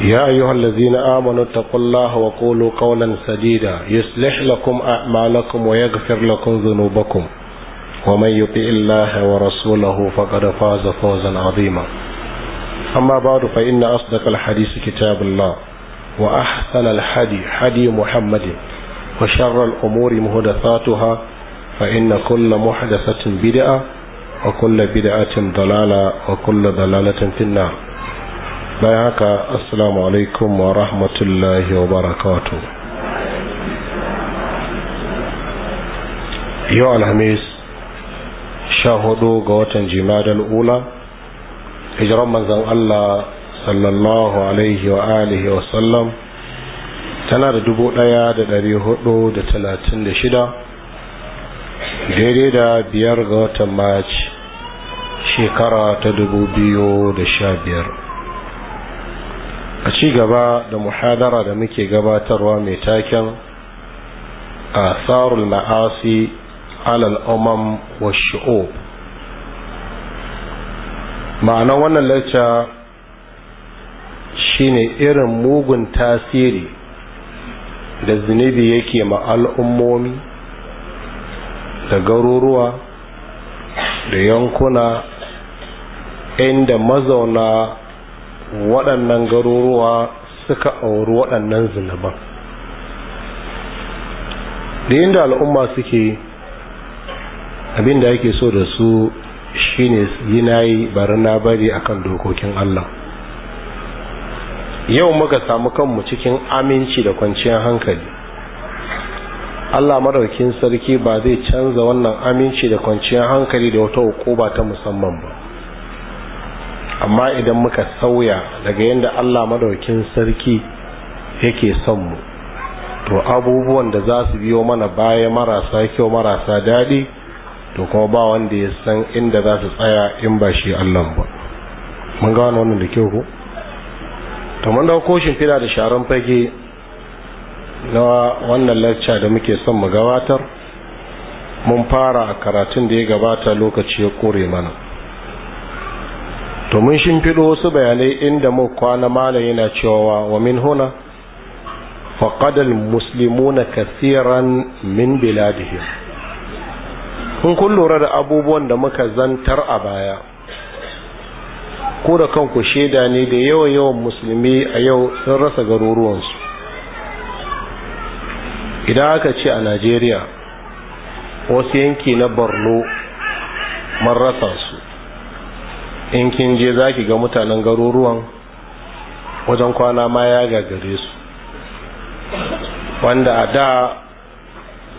يا أيها الذين آمنوا اتقوا الله وقولوا قولا سديدا يصلح لكم أعمالكم ويغفر لكم ذنوبكم ومن يطع الله ورسوله فقد فاز فوزا عظيما أما بعد فإن أصدق الحديث كتاب الله وأحسن الحدي حدي محمد وشر الأمور مهدثاتها فإن كل محدثة بدعة وكل بدعة ضلالة وكل ضلالة في النار bayan haka assalamu alaikum wa rahmatullahi wa barakatu yau alhamis sha hudu ga watan jimadal ula hijiran manzan allah sallallahu alaihi wa alihi wa sallam tana da dubu daya da dari hudu da talatin da shida daidai da biyar ga watan maci shekara ta dubu biyu da sha biyar a ci gaba da muhadara da muke gabatarwa mai taken a tsarul ma'asi alal umam wa shi'o ma'anar wannan lacca shine irin mugun tasiri da zunubi yake ma al'ummomi da garuruwa da yankuna inda mazauna waɗannan garuruwa suka auri waɗannan zunuban da inda al'umma suke abinda yake ake so da su shine yi na yi bari na bari akan dokokin Allah yau muka samu kanmu cikin aminci da kwanciyar hankali Allah maraukin sarki ba zai canza wannan aminci da kwanciyar hankali da wata hukuma ta musamman ba amma idan muka sauya daga yadda allah madaukin sarki yake son mu to abubuwan da za su biyo mana baya marasa kyau marasa daɗi to kuma ba wanda ya san inda za su tsaya in ba shi allah ba mun gano wannan da kyau ko to mun dauko fida da sharan fage na wannan lacca da muke son mu gabatar mun fara a karatun da ya gabata lokaci ya kore mana to mun shimfiɗo wasu bayanai inda mu kwana mala yana cewa wa min huna faqad almuslimuna kasiran min biladihim kun kun lura da abubuwan da muka zantar a baya ko da kanku shaida ne da yawan yawan musulmi a yau sun rasa garuruwansu idan aka ce a najeriya wasu yanki na borno mun rasa su in kin je za ki ga mutanen garuruwan wajen kwana ma ya gagare su wanda a da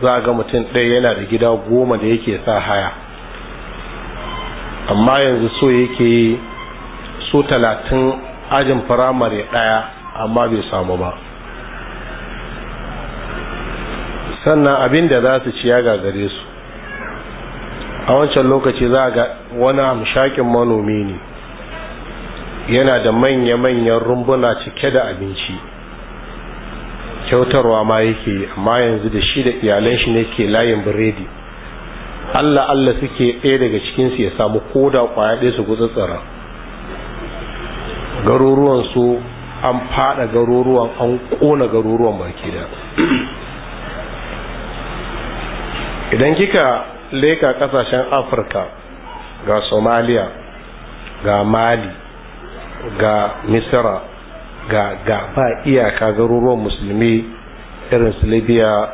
za ga mutum ɗaya yana da gida goma da yake sa haya amma yanzu so yake so talatin ajin firamare ɗaya amma bai samu ba sannan abin da za su ci ya gagare su a wancan lokaci za ga wani amshakin manomi ne yana da manya-manyan rumbuna cike da abinci kyautarwa ma yake amma yanzu da shi da iyalan shi ne ke layin biredi allah allah suke ɗaya daga cikinsu ya samu koda kwaya ɗaya su gutsutsura garuruwan su an fada garuruwan an kona garuruwan baki da idan kika leka kasashen afirka ga Somalia, ga mali ga misira ga ga ba iyaka garuruwan musulmi irin su libya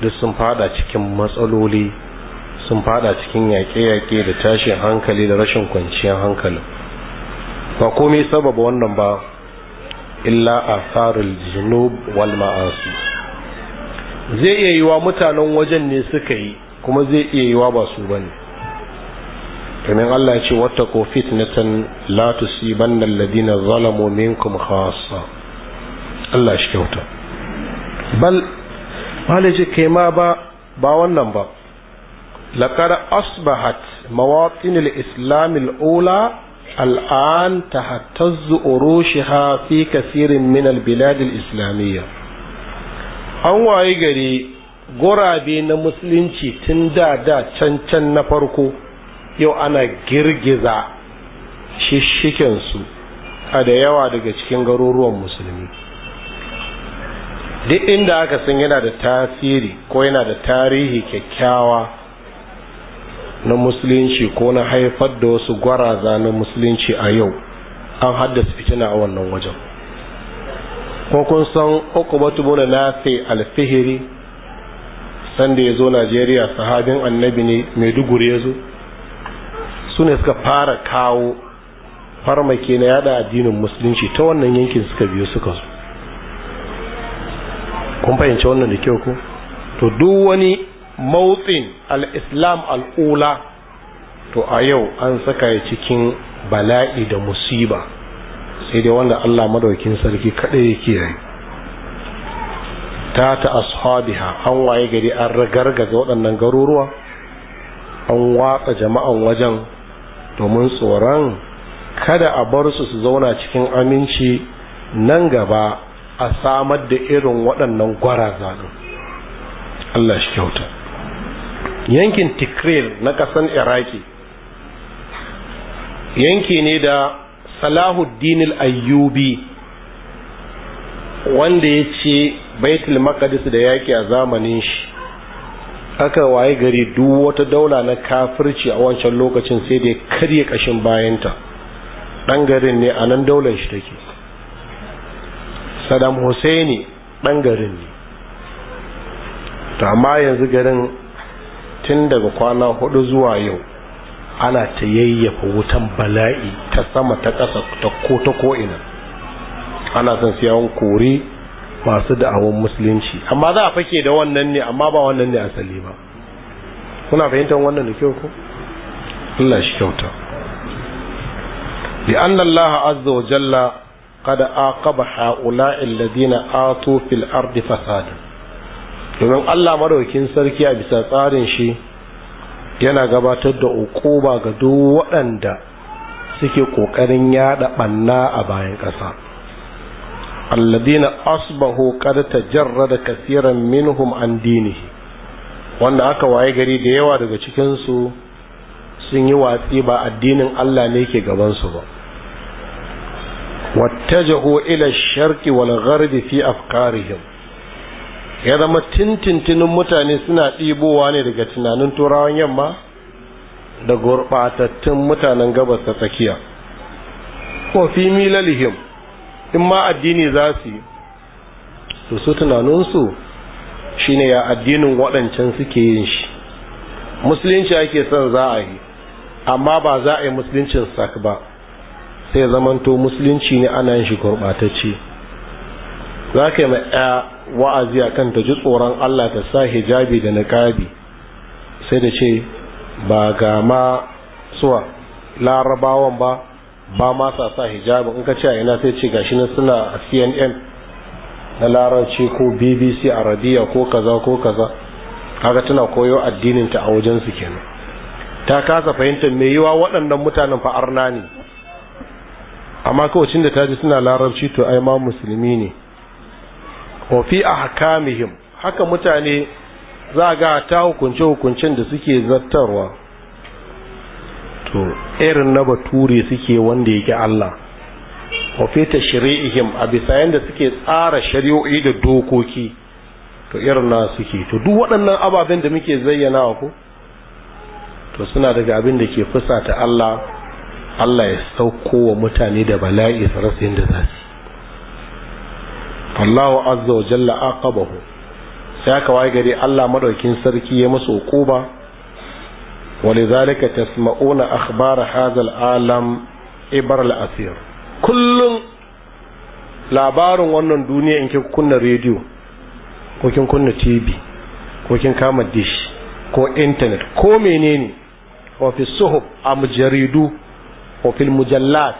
duk sun fada cikin matsaloli sun fada cikin yaƙe-yaƙe da tashin hankali da rashin kwanciyar hankali ba komai sababa wannan ba illa a tsarin zunub wal ma'asu zai iya yiwa mutanen wajen ne suka yi kuma zai iya yiwa ba su ba ne domin Allah ya ce wata ko fitnatan la tusibanna alladhina zalamu minkum khassa Allah shi kyauta bal malai ce kai ma ba ba wannan ba laqad asbahat mawatin ula islam ta ula الآن تهتز أروشها في كثير min an waye gari gurabe na musulunci tun da da can can na farko yau ana girgiza shishikensu a da yawa daga cikin garuruwan musulmi duk inda aka san yana da tasiri ko yana da tarihi kyakkyawa na musulunci ko na haifar da wasu gwaraza na musulunci a yau an haddasa fitina a wannan wajen ko kun san uku batu na alfihiri sanda ya zo najeriya sahabin annabi ne maiduguri ya zo su ne suka fara kawo farmaki na yada addinin musulunci ta wannan yankin suka biyo suka zo kun fahimci wannan da kyau ko to duk wani mautsin al-islam al'ula to a yau an saka ya cikin bala'i da musiba sai dai wanda allah madaukin sarki kaɗai ya kiyaye ta ta ashabiha an waye gari an ragargaza waɗannan garuruwa an watsa jama'an wajen domin tsoron kada a bar su su zauna cikin aminci nan gaba a samar da irin waɗannan gwaraza ɗin Allah shi kyauta yankin tikril na ƙasan iraki yanki ne da salahuddin ayyubi wanda ya ce baitul maqdis da yaki a zamanin shi aka waye gari duk wata daula na kafirci a wancan lokacin sai da ya karye kashin bayanta dan garin ne a nan daular shi take Saddam Hussein dan garin ne to amma yanzu garin tun daga kwana hudu zuwa yau ana ta yayyafa wutan bala'i ta sama ta ƙasa ta ko ta ko'ina ana son siya kore masu da'awun musulunci amma za a fake da wannan ne amma ba wannan ne asali ba kuna fahimtar wannan da kyau ko Allah shi kyauta bi anna Allah azza wa jalla qad aqaba haula'i alladhina atu fil ardi fasada domin Allah madaukin sarki a bisa tsarin shi yana gabatar da ukuba ga duk waɗanda suke ƙoƙarin yada ɓanna a bayan ƙasa alladina asbahu qad tajarrada kaseeran minhum an dinihi wanda aka waye gari da yawa daga cikin su sun yi watsi ba addinin Allah ne ke gaban su ba wattajahu ila sharqi wal gharbi fi afkarihim ya zama tintintinin mutane suna ɗibowa ne daga tunanin turawan yamma da gurɓatattun mutanen gabas ta tsakiya ko fi milalihim in ma addini za su yi to su tunaninsu shine ya addinin waɗancan suke yin shi musulunci ake son za a yi amma ba za a yi musuluncin sak ba sai zamanto musulunci ne ana yin shi gurɓatacce za ka yi ma wa'azi a kan ta ji tsoron allah ta sa hijabi da niƙabi sai da ce ba ga ma suwa larabawan ba ba ma sa sa hijabi in ka ce a ina sai ce gashi na suna a CNN na larabci ko BBC arabiya ko kaza ko kaza kaga tana koyo addinin ta a wajen su kenan ta kasa fahimtar me yiwa waɗannan mutanen fa arna ne amma kawacin da ta ji suna larabci to ai ma musulmi ne wa fi ahkamihim haka mutane za ga ta hukunce hukuncen da suke zartarwa to irin na bature suke wanda yake Allah wa fi tashri'ihim a bisa yanda suke tsara shari'o'i da dokoki to irin na suke to duk waɗannan ababen da muke zayyana ku to suna daga abin da ke fusata Allah Allah ya sauko wa mutane da bala'i su rasa yadda za su Allahu azza wa jalla aqabahu sai aka wai gari Allah maɗaukin sarki ya musu ƙuba ولذلك تسمعون أخبار هذا العالم إبر الأثير كل labarin wannan duniya in kin kunna rediyo ko kin kunna tv ko kin kama dish ko intanet ko menene wa fi suhub a jaridu wa fil mujallat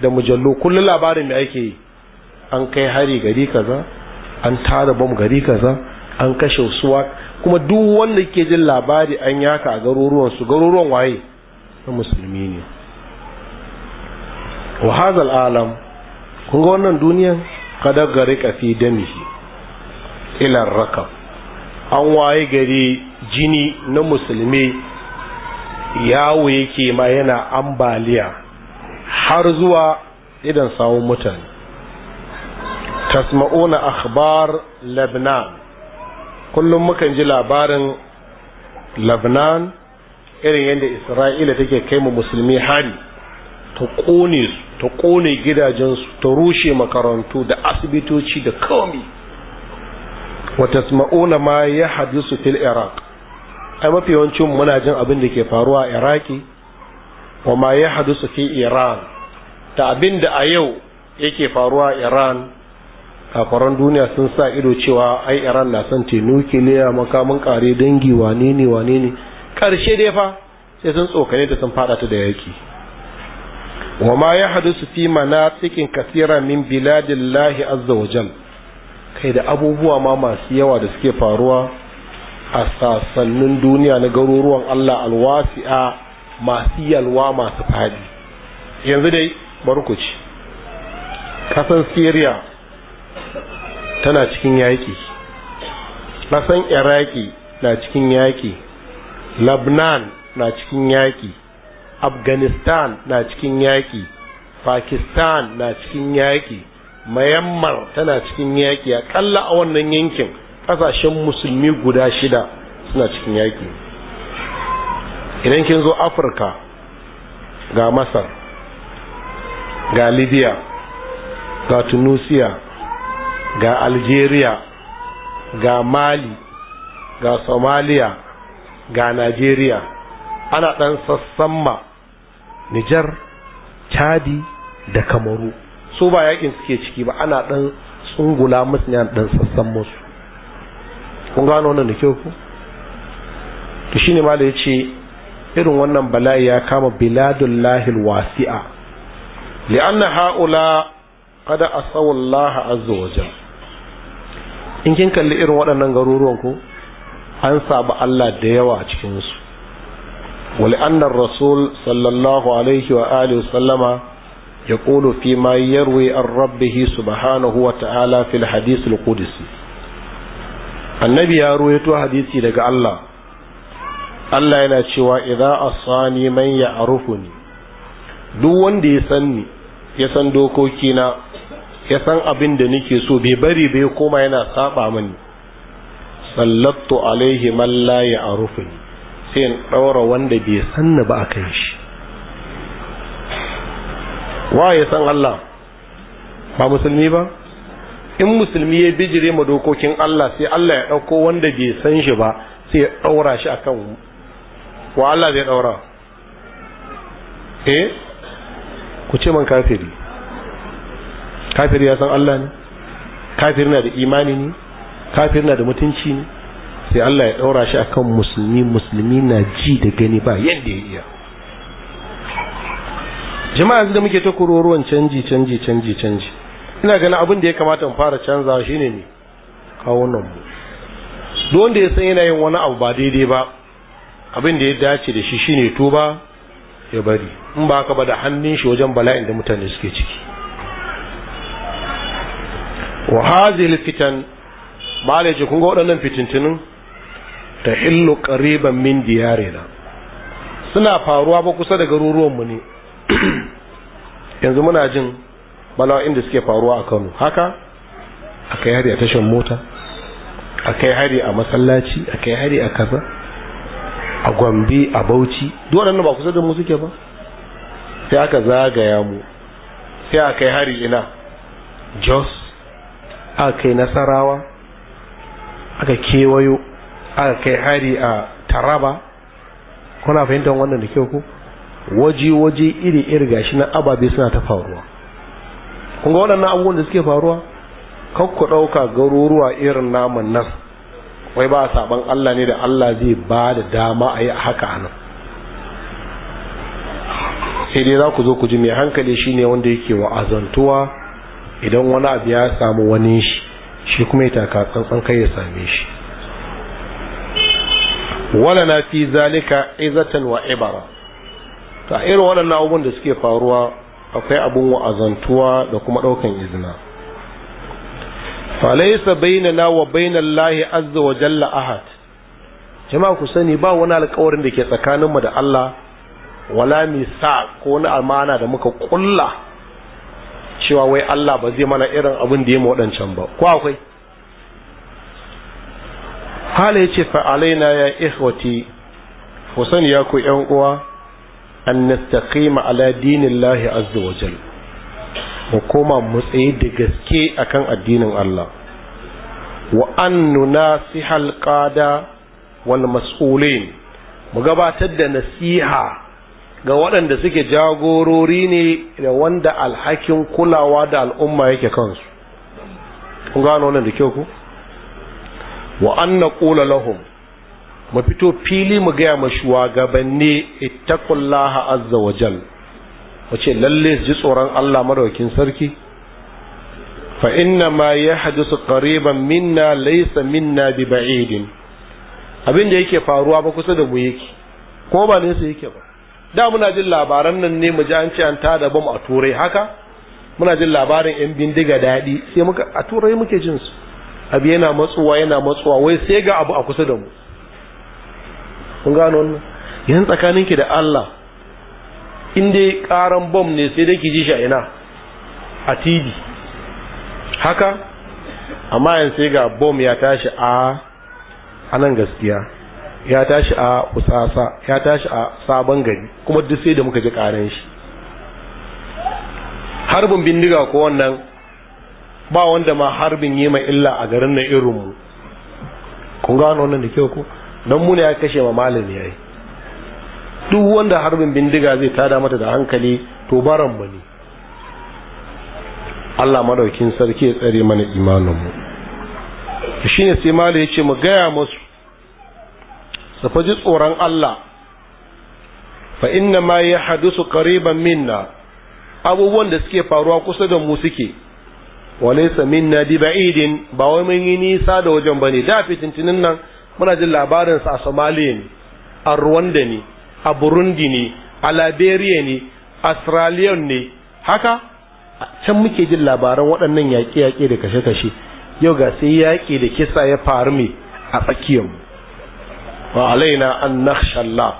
da mujallu kullum labarin mai ake yi an kai hari gari kaza an tara bom gari kaza an kashe suwak kuma duk wanda ke jin labari an yaka a garuruwan su garuruwan waye na musulmi ne wa alam kun ga wannan duniyan kada gari kafi damihi ila rakab an waye gari jini na musulmi yawo yake ma yana ambaliya har zuwa idan sawun mutane tasma'una akhbar lebanon kullum mukan ji labarin labnan irin yadda isra'ila take kai mu musulmi hari ta kone su ta kone gidajensu ta rushe makarantu da asibitoci da komi wata sma'una ma ya hadisu fil iraq ai mafi yawancin muna jin abin da ke faruwa a iraki wa ma ya hadisu fi iran da abin da a yau yake faruwa iran kafaran duniya sun sa ido cewa ai iran na son te nukiliya makamin kare dangi wane ne wane ne karshe dai fa sai sun tsokane da sun fada ta da yaki wa ma ya hadu fi manatikin kasira min biladillahi azza wa kai da abubuwa ma masu yawa da suke faruwa a sassanin duniya na garuruwan Allah alwasi'a masu yalwa masu fadi yanzu dai barkuci kasan Syria tana cikin yaƙi ƙasan iraki na cikin yaƙi labnan na cikin yaƙi afghanistan na cikin yaƙi pakistan na cikin yaƙi mayammar tana cikin yaƙi a ƙalla a wannan yankin ƙasashen musulmi guda shida suna cikin yaƙi idan kin zo afirka ga masar ga libya ga tunisia ga algeria ga mali ga somalia ga nigeria ana ɗan ma nijar chadi da kamaru su ba yakin suke ciki ba ana ɗan tsungula musu ne ɗan sassan musu kun gano wannan da kyau ku to shine ma da yace irin wannan bala'i ya kama biladullahi alwasi'a li'anna ha'ula qad asaw azza wa jalla in kin kalli irin waɗannan garuruwan ku an sabu Allah da yawa a cikinsu wal'annan rasul sallallahu alaihi wa alihi sallama ya ƙulu fi ma yarwi an rabbihi subhanahu wa ta'ala fil hadith al-qudsi annabi ya to hadisi daga Allah Allah yana cewa idza asani man ya'rufuni duk wanda ya sanni ya san dokokina ya san abin da nake so bai bari bai koma yana saba mani sallattu alaihi man la ya'rufuni sai in daura wanda bai sanni ba akan shi wa ya san Allah ba musulmi ba in musulmi ya bijire ma dokokin Allah sai Allah ya dauko wanda bai san shi ba sai ya daura shi akan wa Allah zai daura eh ku ce man kafiri kafir ya san Allah ne kafir na da imani ne kafir na da mutunci ne sai Allah ya ɗaura shi akan musulmi musulmi na ji da gani ba yadda ya iya jama'a da muke ta kururuwan canji canji canji canji ina ganin abin da ya kamata in fara canzawa shine ne nan mu duk wanda ya san yana yin wani abu ba daidai ba abin da ya dace da shi shine tuba ya bari in ba ka ba da hannun shi wajen bala'in da mutane suke ciki wa hazil alfitan bale ji kun ga waɗannan fitintinin ta hillu qariban min diyarina suna faruwa ba kusa da garuruwanmu ne yanzu muna jin bala'o'in da suke faruwa a kano haka a kai hari a tashan mota a kai hari a masallaci a kai hari a kaza a gombe a bauchi duk waɗannan ba kusa da mu suke ba sai aka zagaya mu sai a kai hari ina jos aka kai nasarawa aka kewayo aka kai hari a taraba kuna fahimtar wannan da kyau ku waje-waje iri-iri gashi na ababe suna ta faruwa kun ga waɗannan abubuwan da suke faruwa kakku ku ɗauka garuruwa irin naman nan wai ba saban Allah ne da Allah zai ba da dama a yi haka a nan sai dai za ku zo ku ji mai hankali shine wanda yake wa'azantuwa idan wani abu ya samu wani shi shi kuma ya taka tsantsan kai ya same shi wala na fi zalika izatan wa ibara ta irin waɗannan abubuwan da suke faruwa akwai abun wa'azantuwa da kuma ɗaukan izina falaisa na wa bainallahi azza wa jalla ahad jama'a ku sani ba wani alƙawarin da ke tsakaninmu da Allah wala misa ko wani amana da muka kulla cewa wai Allah ba zai mana irin abin da ya mu waɗancan ba ko akwai hala ya ce fa'alaina ya ihwati husan ya ku ‘yan uwa an nastaqima ala dinillahi azza wa jal mu koma mu tsaye da gaske akan addinin Allah wa an nunasihal qada wal mas'ulin mu gabatar da nasiha ga waɗanda suke jagorori ne da wanda alhakin kulawa da al'umma yake kansu kun gano wannan da kyau ku wa anna qula lahum mu fito fili mu gaya ma shugabanni ittaqullaha azza wa jal Wace lalle ji tsoron Allah madaukin sarki fa inna ma yahdusu qariban minna laysa minna bi ba'idin abin da yake faruwa ba kusa da mu yake ko ba sai yake ba da muna jin labaran nan ne mu ji an ce an tada bom a turai haka muna jin labarin yan bindiga daɗi sai muka a turai muke jin su abu yana matsuwa yana matsuwa wai sai ga abu a kusa da mu kun gano wannan yan tsakanin ki da Allah in dai karan bom ne sai dai ki ji shi a ina a TV haka amma yan sai ga bom ya tashi a anan gaskiya ya tashi a usasa ya tashi a sabon gari kuma duk sai da muka ji karen shi harbin bindiga ko wannan ba wanda ma harbin yi mai illa a garin nan irin mu kun gano wannan da kyau ko dan mu ya kashe ma malami yayi duk wanda harbin bindiga zai tada mata da hankali to baran mu ne Allah madaukin sarki ya tsare mana imanin mu shine sai malami ya ce mu gaya musu su ji tsoron Allah fa inna ma ya hadisu qariban minna abubuwan da suke faruwa kusa da mu suke wa laysa minna bi ba'idin ba wai mun yi nisa da wajen ba ne da fitintinin nan muna jin labarinsa a Somalia ne a Rwanda ne a Burundi ne a Liberia ne Australia ne haka can muke jin labaran waɗannan yaƙe-yaƙe da kashe-kashe yau ga sai yaƙi da kisa ya faru mai a tsakiyarmu wa alaina an nakhsha Allah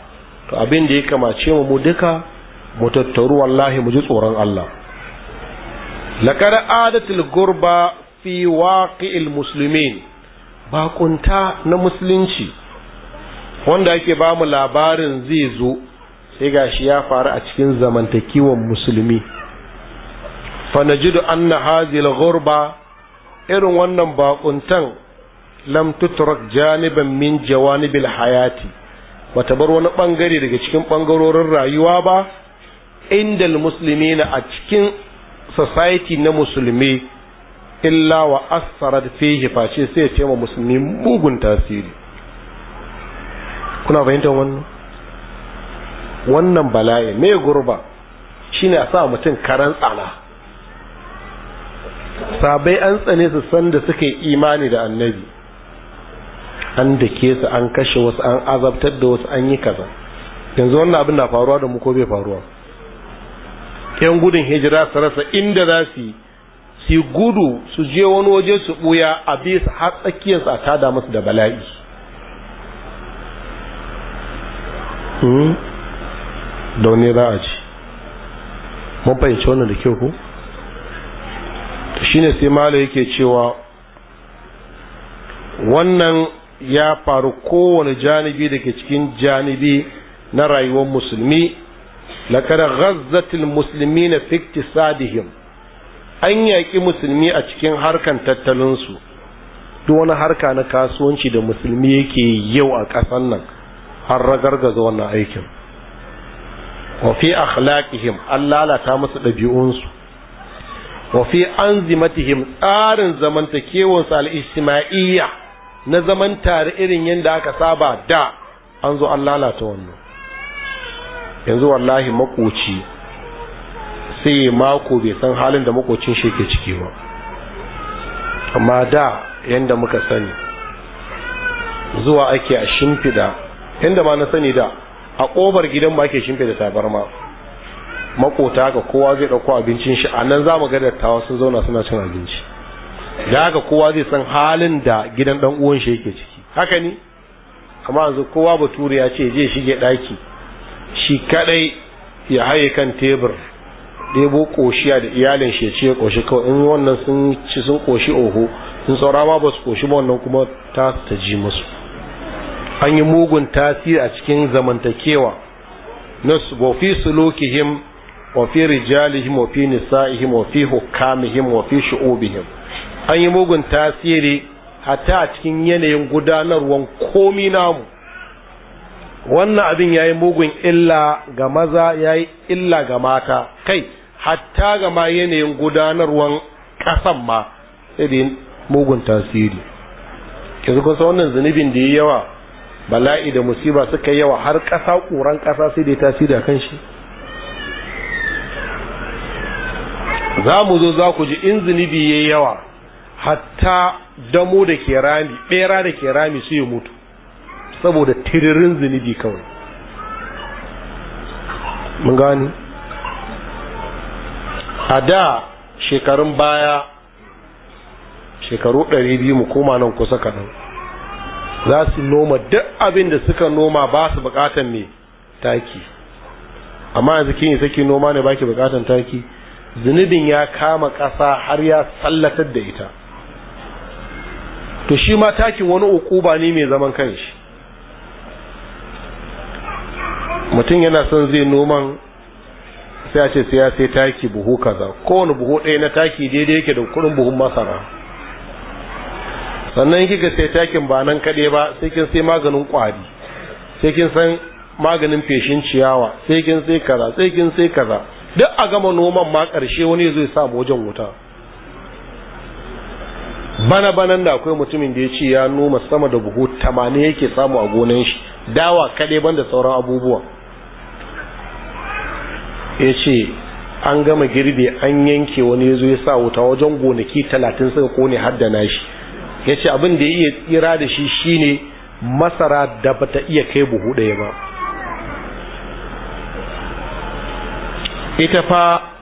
to abin da ya kamace mu mu duka mu tattaru wallahi mu ji tsoron Allah laqad adatul gurba fi waqi'il muslimin bakunta na musulunci wanda ake ba mu labarin zai zo sai gashi ya faru a cikin zamantakiwon musulmi fa najidu anna hadhihi al irin wannan bakuntan lam tutrak janiban min jawanibil hayati bata bar wani bangare daga cikin bangarorin rayuwa ba inda musulmi na a cikin society na musulmi illa wa asarar fihi face sai ce ma musulmi mugun tasiri kuna fahimtar wannan wannan bala'i mai gurba shine a sa mutum karan tsana sabai an tsane su sanda da suka yi imani da annabi an dake su an kashe wasu an azabtar da wasu an yi kaza yanzu wannan abin na faruwa da mu ko bai faruwa yan gudun hijira su rasa inda za su yi gudu su je wani waje su buya a su har tsakiyarsu a tada musu da bala'i hmm? da wani za a ci mun fahimci wannan da kyau ko shine sai mala yake cewa wannan ya faru kowane janibi daga cikin janibi na rayuwar musulmi لقد musulmi na fikti sadihim. an yaƙi musulmi a cikin harkan tattalinsu duk wani harka na kasuwanci da musulmi yake yau a ƙasan nan an ragargaza wannan aikin wafi fi akhlaqihim an lalata masu ɗabi'unsu wafi fi anzimatihim tsarin zamantakewarsu al-ijtima'iyya na zaman tare irin yadda aka saba da an zo an lalata wannan yanzu wallahi makoci sai mako bai san halin da makocin shi ke ciki ba amma da yadda muka sani zuwa ake a shimfida yadda ma na sani da a ƙofar gidan ba ake shimfida tabarma makota ga kowa zai ɗauko abincin shi a nan za mu ga dattawa sun zauna suna cin abinci da haka kowa zai san halin da gidan dan uwan shi yake ciki haka ne kuma yanzu kowa bature ya ce je shige daki shi kadai ya haye kan tebur ɗebo koshiya da iyalin shi ce koshi kawai in wannan sun ci sun koshi oho sun saura ma ba su koshi ba wannan kuma ta ta ji musu an yi mugun tasiri a cikin zamantakewa nas wa fi sulukihim wa fi rijalihim wa fi nisa'ihim wa fi hukamihim wa fi shu'ubihim an yi mugun tasiri hatta a cikin yanayin gudanarwan komi namu wannan abin ya yi mugun illa ga maza ya yi illa ga mata kai hatta ga ma yanayin gudanarwan ƙasan ma sai da mugun tasiri yanzu kusa wannan zunubin da ya yawa bala'i da musiba suka yawa har ƙasa ƙuran ƙasa sai da tasiri a kan shi za mu zo za ku ji in zunubi ya yawa hatta damo da ke rami bera da ke rami su ya mutu saboda tiririn zunubi kawai mun gani a da shekarun baya shekaru ɗari biyu mu koma nan kusa kaɗan za su noma duk abin da suka noma ba su buƙatan mai taki amma yanzu kin yi saki noma ne ba ki buƙatan taki zunubin ya kama ƙasa har ya tsallatar da ita to shi ma takin wani ukuba ne mai zaman kanshi mutum yana son zai noman sai a ce sai ya sai taki buhu kaza kowane buhu ɗaya na taki daidai yake da kuɗin buhun masara sannan ga sai takin ba nan kaɗai ba sai kin sai maganin ƙwari sai kin san maganin feshin ciyawa sai kin sai kaza sai kin sai kaza duk a gama noman ma ƙarshe wani zai sa wajen wuta bana banan da akwai mutumin da ya ce ya noma sama da buhu tamanin yake samu a gonan shi dawa kaɗai banda sauran abubuwa ya ce an gama girbi an yanke wani ya zo ya sa wuta wajen gonaki talatin suka kone haddana shi ya ce abin da ya iya tsira da shi shine masara da bata iya kai buhu ɗaya ba ita fa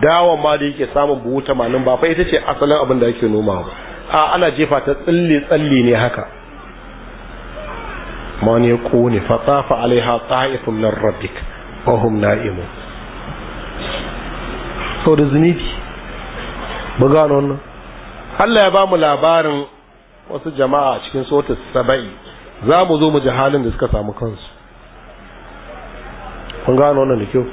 dawon ma da yake samun buhu tamanin ba fa ita ce asalin abin da ake noma ba a ana jefa ta tsalle tsalle ne haka man ya kone fatafa alaiha tsa'ifun nan rabbik wa hum na'imun to da zunubi ba gano wannan Allah ya ba mu labarin wasu jama'a cikin sotar saba'i za mu zo mu ji halin da suka samu kansu kun gano wannan da kyau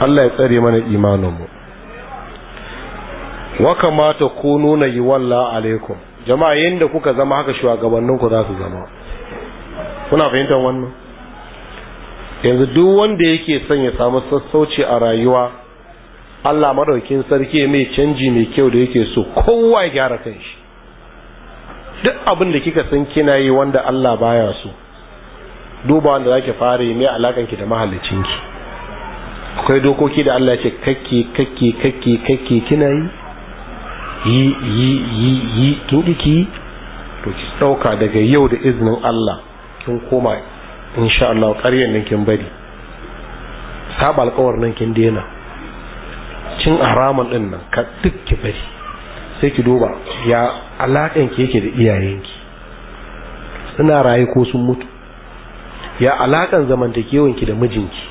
Allah ya tsare mana imaninmu wa kamata ku nuna yi walla alaikum jama'a yadda kuka zama haka shugabanninku za su zama kuna fahimtar wannan yanzu duk wanda yake son ya samu sassauci a rayuwa Allah madaukin sarki mai canji mai kyau da yake so kowa ya gyara kanshi duk abin da kika san kina yi wanda Allah baya so duba wanda zaki fara yi mai alakan ki da mahallicin ki akwai dokoki da Allah ce kakki kakki kakki kakki kina yi yi yi yi yi kin ki to ki dauka daga yau da iznin Allah kin koma insha Allah ƙaryan nan kin bari saba alƙawar nan kin dena cin haramun din nan ka duk ki bari sai ki duba ya alaƙan ki yake da iyayenki suna raye ko sun mutu ya alaƙan zamantakewanki da mijinki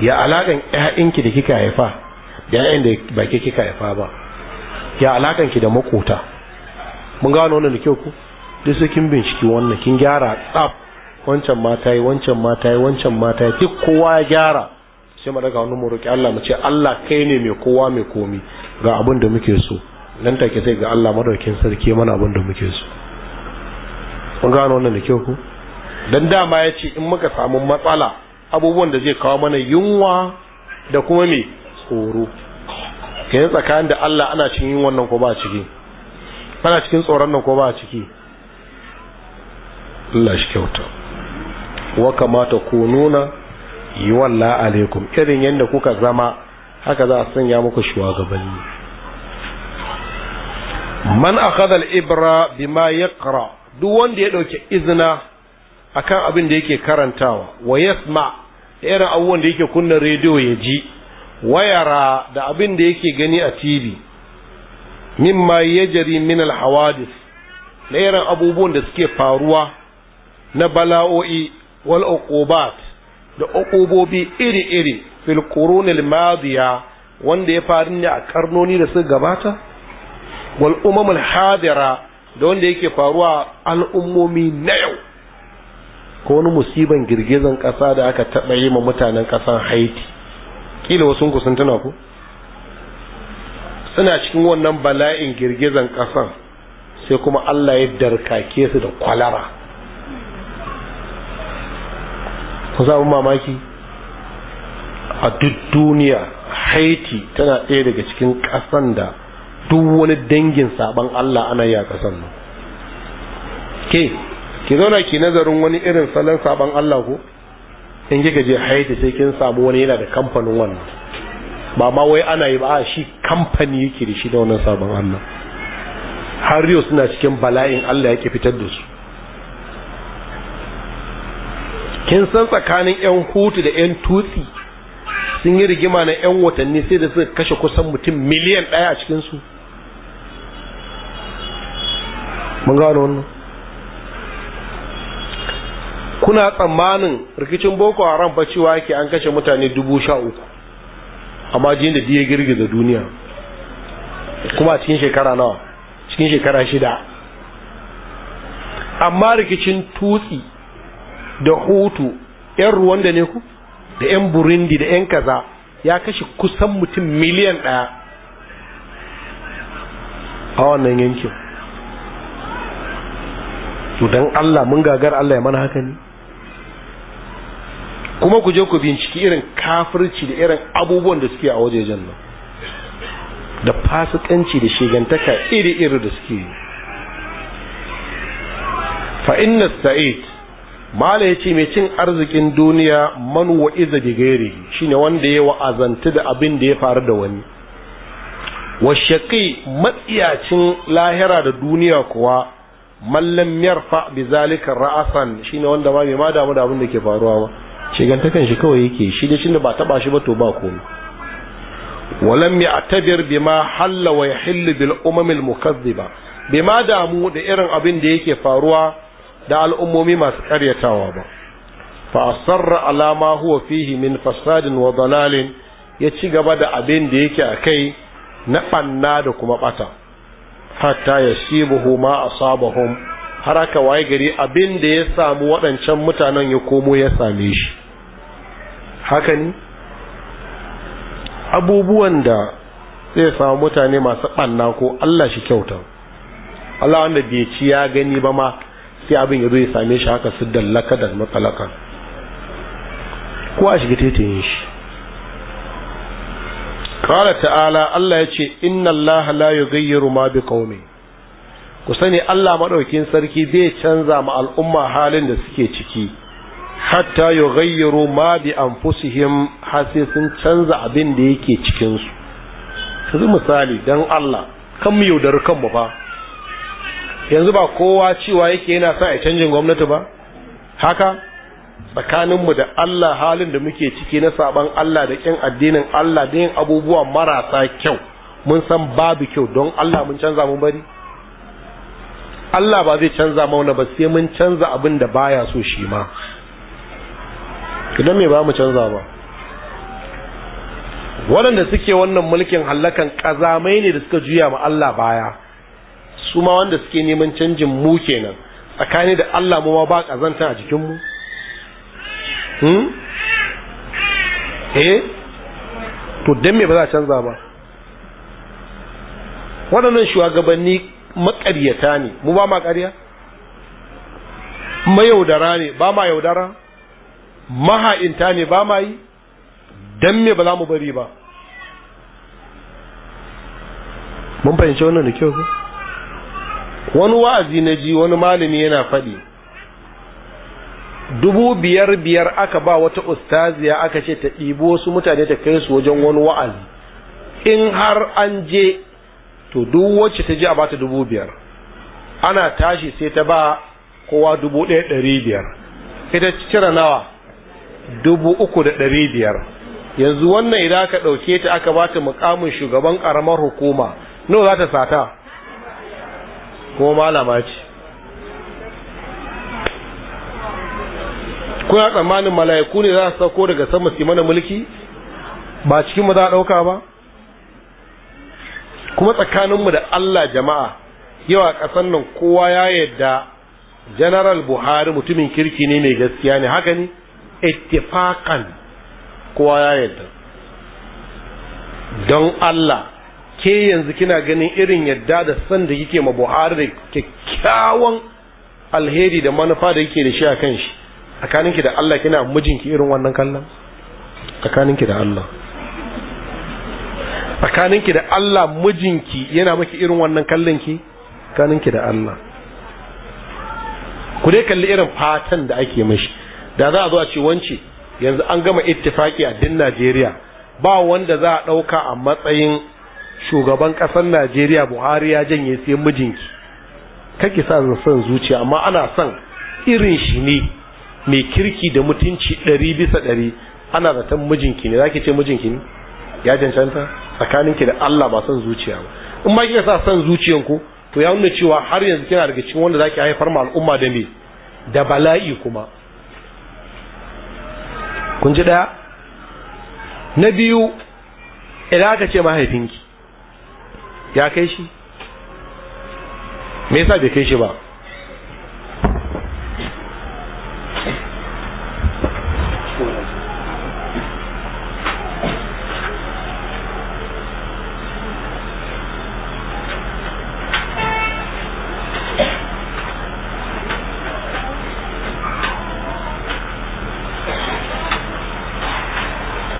ya alakan ƴaƴanki da kika haifa da ƴaƴan da ba ke kika haifa ba ya alakan ki da makota mun gano wannan da kyau ku duk sai kin binciki wannan kin gyara tsaf wancan mata yi wancan mata yi wancan mata yi duk kowa ya gyara sai mu daga wannan mu roki Allah mu ce Allah kai ne mai kowa mai komi ga abin da muke so nan take sai ga Allah madaukin sarki mana abin da muke so mun gano wannan da kyau ku dan dama ya ce in muka samu matsala abubuwan da zai kawo mana yunwa da kuma mai tsoro Ke yi tsakanin da Allah ana cikin yunwan nan ko ba ciki ana cikin tsoron nan ko ba ciki Allah shi kyauta wa kamata ku nuna yi walla alaikum irin yadda kuka zama haka za a sanya muku shugabanni man akhadha ibra bima kara duk wanda ya ɗauki izina akan abin da yake karantawa wa yasma irin abubuwan da yake kunna rediyo ya ji wayara da abin da yake gani a tv mimma yajri min al hawadis da irin abubuwan da suke faruwa na bala'o'i wal uqubat da uqubobi iri-iri fil qurun al madiya wanda ya faru ne a karnoni da suka gabata wal umam al hadira da wanda yake faruwa al'ummomi na yau ko wani musiban girgizan kasa da aka taɓa yi ma mutanen ƙasar haiti kila wasu sun tuna ku suna cikin wannan bala'in girgizan ƙasar sai kuma allah ya darkake su da kwalara ku mu mamaki a duk duniya haiti tana ɗaya daga cikin ƙasan da duk wani dangin saban allah ana yi a ƙasar nan ke ki zauna ki nazarin wani irin salon saban Allah ko in kika je haiti sai kin samu wani yana da kamfanin wannan ba ma wai ana yi ba a shi kamfani yake da shi da wannan sabon Allah har yau suna cikin bala'in Allah yake fitar da su kin san tsakanin yan hutu da yan tutsi sun yi rigima na yan watanni sai da suka kashe kusan mutum miliyan ɗaya a cikinsu mun gano wannan kuna tsammanin rikicin boko haram ba cewa yake an kashe mutane dubu sha uku amma jin da ya girgiza duniya kuma cikin shekara nawa cikin shekara shida amma rikicin tutsi da hutu 'yan ruwan da ne ku da 'yan burundi da 'yan kaza ya kashe kusan mutum miliyan ɗaya a wannan yankin to dan Allah mun gagar Allah ya mana haka ne kuma ku je ku binciki irin kafirci da irin abubuwan da suke a wajejen nan da fasikanci da shigantaka iri-iri da suke fa inna sa'id mala yace mai cin arzikin duniya man wa'iza bi gairi shine wanda ya wa'azanta da abin da ya faru da wani wa shaqi matsiyacin lahira da duniya kuwa Mallan yarfa bi zalika ra'asan shine wanda ba mai ma damu da abin da ke faruwa ba kan shi kawai yake shi da shine ba taba shi ba to ba komai walam ya'tabir bima halla wa yahillu bil umam al mukazziba bima damu da irin abin da yake faruwa da al'ummomi masu karyatawa ba fa asarra ala ma huwa fihi min fasadin wa dalalin ya ci gaba da abin da yake akai na banna da kuma bata hatta ya yasibuhu ma a asabahum har aka waye gari abin da ya samu waɗancan mutanen ya komo ya same shi haka ne abubuwan da zai samu mutane masu ɓanna ko Allah shi kyauta Allah wanda bai ci ya gani ba ma sai abin ya zo ya same shi haka su dallaka da matsalaka ko a shiga tetayin shi qala ta'ala Allah ce inna Allah la yughayyiru ma kaume. ku sani Allah maɗaukin sarki zai canza ma al'umma halin da suke ciki hatta yughayyiru ma bi anfusihim har sai sun canza abin da yake cikinsu. su yanzu misali dan Allah kan mu yaudar kanmu ba yanzu ba kowa cewa yake yana sa a canjin gwamnati ba haka tsakaninmu da Allah halin da muke ciki na saban Allah da ƙin addinin Allah da yin abubuwa marasa kyau mun san babu kyau don Allah mun canza mun bari Allah ba zai canza mauna ba sai mun canza abin da baya so shi ma idan me ba mu canza ba waɗanda suke wannan mulkin hallakan ƙazamai ne da suka juya ma Allah baya su ma wanda suke neman canjin mu kenan tsakani da Allah mu ba ƙazanta a jikinmu mu hmm eh to dan me ba za a canza ba waɗannan shugabanni maƙaryata ne mu ba ma ƙarya mayaudara ne ba ma yaudara maha'inta ne ba ma yi dan me ba za mu bari ba mun fahimci wannan da kyau wani wa'azi na ji wani malami yana faɗi dubu biyar biyar aka ba wata ustaziya aka ce ta ɗibo su mutane ta kai su wajen wani wa'azi in har an je to duk wacce ta ji a bata dubu biyar ana tashi sai ta ba kowa dubu ɗaya ɗari biyar ita cire nawa dubu uku da ɗari biyar yanzu wannan idan aka ɗauke ta aka ba ta mukamin shugaban ƙaramar hukuma nawa za ta sata kuma malama ce kuna tsammanin mala'iku ne za su sauko daga sama su mana mulki ba cikin mu za a ɗauka ba kuma tsakanin mu da Allah jama'a yawa ƙasar nan kowa ya yadda general buhari mutumin kirki ne mai gaskiya ne haka ne ittifaqan kowa ya yadda don Allah ke yanzu kina ganin irin yadda da san da kike ma buhari da kyakkyawan alheri da manufa da yake da shi a kan shi tsakaninki da Allah kina mijinki irin wannan kallon tsakaninki da Allah tsakaninki da Allah mijinki yana maki irin wannan kallon ki tsakaninki da Allah ku dai kalli irin fatan da ake mashi da za a zo a ce wance yanzu an gama ittifaki a din Najeriya ba wanda za a ɗauka a matsayin shugaban ƙasar Najeriya Buhari ya janye sai mijinki kake sa son zuciya amma ana son irin shi ne mai kirki da mutunci ɗari bisa ɗari ana zaton mijinki ne zaki ce mijinki ne ya cancanta tsakaninki da Allah ba son zuciya ba in ba kika sa son zuciyan ku to ya nuna cewa har yanzu kina daga cikin wanda zaki haifar ma al'umma da me da bala'i kuma kun ji daya na biyu idan aka ce mahaifinki ya kai shi me yasa bai kai shi ba